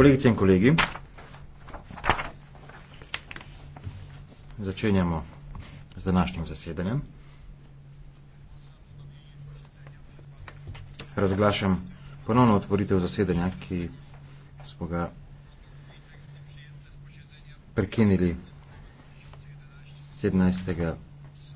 kolegice in kolegi, začenjamo z današnjim zasedanjem. Razglašam ponovno otvoritev zasedanja, ki smo ga prekinili 17.